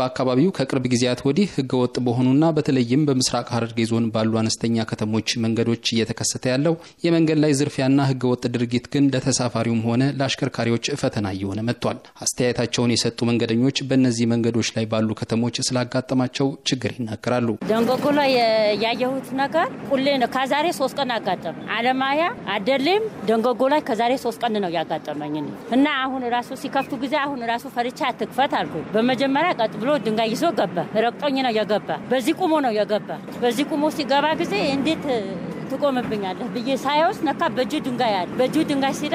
በአካባቢው ከቅርብ ጊዜያት ወዲህ ህገወጥ በሆኑና በተለይም በምስራቅ ሀረርጌ ዞን ባሉ አነስተኛ ከተሞች መንገዶች እየተከሰተ ያለው የመንገድ ላይ ዝርፊያና ህገወጥ ድርጊት ግን ለተሳፋሪውም ሆነ ለአሽከርካሪዎች ፈተና እየሆነ መጥቷል። አስተያየታቸውን የሰጡ መንገደኞች በእነዚህ መንገዶች ላይ ባሉ ከተሞች ስላጋጠማቸው ችግር ይናገራሉ። ደንጎጎ ላይ ያየሁት ነገር ሁሌ ነው። ከዛሬ ሶስት ቀን አጋጠመ። አለማያ አደሌም ደንጎጎ ላይ ከዛሬ ሶስት ቀን ነው ያጋጠመኝ እና አሁን ራሱ ሲከፍቱ ጊዜ አሁን ራሱ ፈርቻ አትክፈት አልኩ በመጀመሪያ ብሎ ድንጋይ ይዞ ገባ። ረቅጦኝ ነው የገባ። በዚህ ቁሞ ነው የገባ። በዚህ ቁሞ ሲገባ ጊዜ እንዴት ትቆምብኛለህ ብዬ ሳያውስ ነካ በእጁ ድንጋይ አለ። በእጁ ድንጋይ ሲል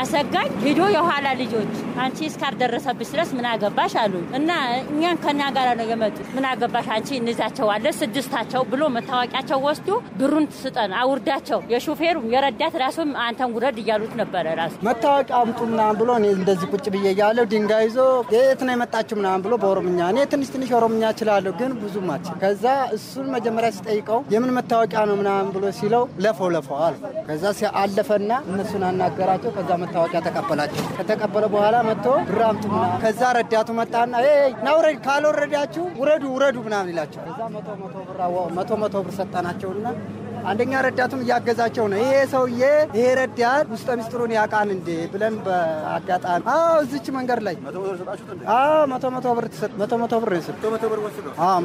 አሰጋኝ ሂዶ የኋላ ልጆች አንቺ እስካልደረሰብሽ ድረስ ምን አገባሽ አሉ እና እኛን ከኛ ጋር ነው የመጡት። ምን አገባሽ አንቺ እንዛቸዋለን ስድስታቸው ብሎ መታወቂያቸው ወስዶ ብሩን ስጠን አውርዳቸው የሹፌሩ የረዳት ራሱም አንተን ውረድ እያሉት ነበረ። ራሱ መታወቂያ አምጡ ምናምን ብሎ እኔ እንደዚህ ቁጭ ብዬ እያለሁ ድንጋይ ይዞ የት ነው የመጣችሁ ምናምን ብሎ በኦሮምኛ እኔ ትንሽ ትንሽ ኦሮምኛ እችላለሁ ግን ብዙ ማች ከዛ እሱን መጀመሪያ ሲጠይቀው የምን መታወቂያ ነው ምናምን ብሎ ሲለው ለፈው ለፈው አለ። ከዛ አለፈና እነሱን አናገራቸው ከዛ መታወቂያ ተቀበላቸው። ከተቀበለ በኋላ መጥቶ ብር ከዛ ረዳቱ መጣና ናውረድ ካልወረዳችሁ ውረዱ ውረዱ ምናምን ይላቸው። ከዛ መቶ መቶ ብር ሰጠናቸውና አንደኛ ረዳቱም እያገዛቸው ነው። ይሄ ሰውዬ ይሄ ረዳት ውስጠ ሚስጥሩን ያውቃል እንዴ ብለን በአጋጣሚ እዚች መንገድ ላይ መቶ መቶ ብር መቶ መቶ ብር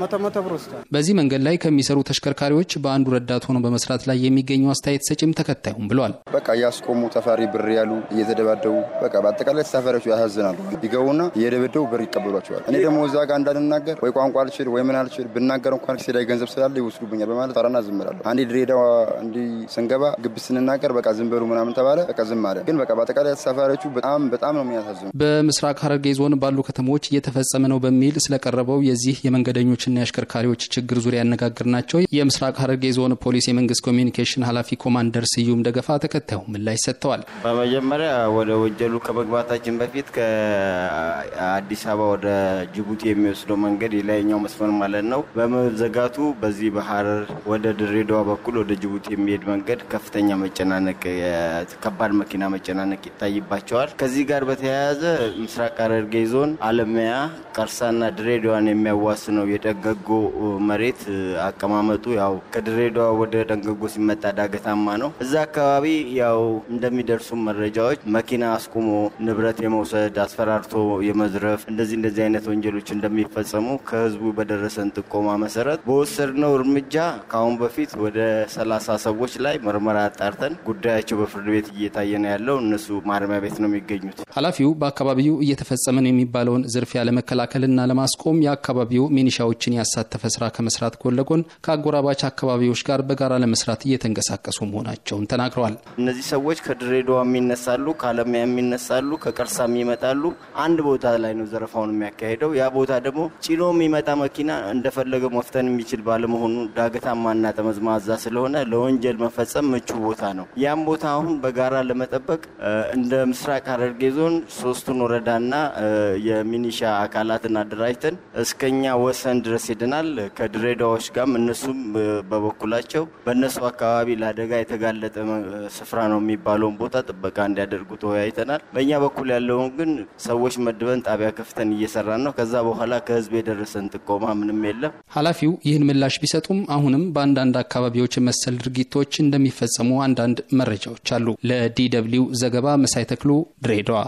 መቶ መቶ ብር ወስዷል። በዚህ መንገድ ላይ ከሚሰሩ ተሽከርካሪዎች በአንዱ ረዳት ሆኖ በመስራት ላይ የሚገኙ አስተያየት ሰጪም ተከታዩም ብሏል። በቃ እያስቆሙ ተፋሪ ብር ያሉ እየተደባደቡ በቃ በአጠቃላይ ተሳፋሪዎቹ ያሳዝናሉ። ይገቡና እየደበደቡ ብር ይቀበሏቸዋል። እኔ ደግሞ እዛ ጋር እንዳልናገር ወይ ቋንቋ አልችል ወይ ምን አልችል ብናገር እንኳን ሴዳዊ ገንዘብ ስላለ ይወስዱብኛል በማለት ፈራና ዝምላለሁ። አንዴ ወደ እንዲ ስንገባ ግቢ ስንናገር በቃ ዝም በሉ ምናምን ተባለ። በቃ ዝም አለ። ግን በቃ በአጠቃላይ ተሳፋሪዎቹ በጣም በጣም ነው የሚያሳዝኑ። በምስራቅ ሐረርጌ ዞን ባሉ ከተሞች እየተፈጸመ ነው በሚል ስለቀረበው የዚህ የመንገደኞችና የአሽከርካሪዎች ችግር ዙሪያ ናቸው። የምስራቅ ሐረርጌ ዞን ፖሊስ የመንግስት ኮሚኒኬሽን ኃላፊ ኮማንደር ስዩም ደገፋ ተከታዩ ምላሽ ሰጥተዋል። በመጀመሪያ ወደ ወጀሉ ከመግባታችን በፊት ከአዲስ አበባ ወደ ጅቡቲ የሚወስደው መንገድ የላይኛው መስመር ማለት ነው በመዘጋቱ በዚህ በሀረር ወደ ድሬዳዋ በኩል ወደ ጅቡቲ የሚሄድ መንገድ ከፍተኛ መጨናነቅ፣ ከባድ መኪና መጨናነቅ ይታይባቸዋል። ከዚህ ጋር በተያያዘ ምስራቅ ሐረርጌ ዞን አለመያ ቀርሳና ድሬዳዋን የሚያዋስነው የደንገጎ መሬት አቀማመጡ ያው ከድሬዳዋ ወደ ደንገጎ ሲመጣ ዳገታማ ነው። እዛ አካባቢ ያው እንደሚደርሱ መረጃዎች መኪና አስቁሞ ንብረት የመውሰድ አስፈራርቶ የመዝ መዝረፍ፣ እንደዚህ እንደዚህ አይነት ወንጀሎች እንደሚፈጸሙ ከህዝቡ በደረሰን ጥቆማ መሰረት በወሰድነው እርምጃ ከአሁን በፊት ወደ ሰላሳ ሰዎች ላይ ምርመራ አጣርተን ጉዳያቸው በፍርድ ቤት እየታየ ነው ያለው። እነሱ ማረሚያ ቤት ነው የሚገኙት። ኃላፊው በአካባቢው እየተፈጸመን የሚባለውን ዝርፊያ ለመከላከልና ለማስቆም የአካባቢው ሚኒሻዎችን ያሳተፈ ስራ ከመስራት ጎን ለጎን ከአጎራባች አካባቢዎች ጋር በጋራ ለመስራት እየተንቀሳቀሱ መሆናቸውን ተናግረዋል። እነዚህ ሰዎች ከድሬዳዋም ይነሳሉ፣ ከአለሚያ ይነሳሉ፣ ከቀርሳም ይመጣሉ። አንድ ቦታ ላይ ላይ ነው ዘረፋውን የሚያካሄደው። ያ ቦታ ደግሞ ጭኖ የሚመጣ መኪና እንደፈለገው መፍተን የሚችል ባለመሆኑ ዳገታማና ጠመዝማዛ ስለሆነ ለወንጀል መፈጸም ምቹ ቦታ ነው። ያም ቦታ አሁን በጋራ ለመጠበቅ እንደ ምስራቅ ሐረርጌ ዞን ሶስቱን ወረዳና የሚኒሻ አካላትን አደራጅተን እስከኛ ወሰን ድረስ ሄደናል። ከድሬዳዎች ጋርም እነሱም በበኩላቸው በእነሱ አካባቢ ለአደጋ የተጋለጠ ስፍራ ነው የሚባለውን ቦታ ጥበቃ እንዲያደርጉ ተወያይተናል። በእኛ በኩል ያለውን ግን ሰዎች መድበን ጣቢያ ጣቢያ ከፍተን እየሰራን ነው። ከዛ በኋላ ከህዝብ የደረሰን ጥቆማ ምንም የለም። ኃላፊው ይህን ምላሽ ቢሰጡም አሁንም በአንዳንድ አካባቢዎች መሰል ድርጊቶች እንደሚፈጸሙ አንዳንድ መረጃዎች አሉ። ለዲ ደብልዩ ዘገባ መሳይ ተክሉ ድሬዳዋ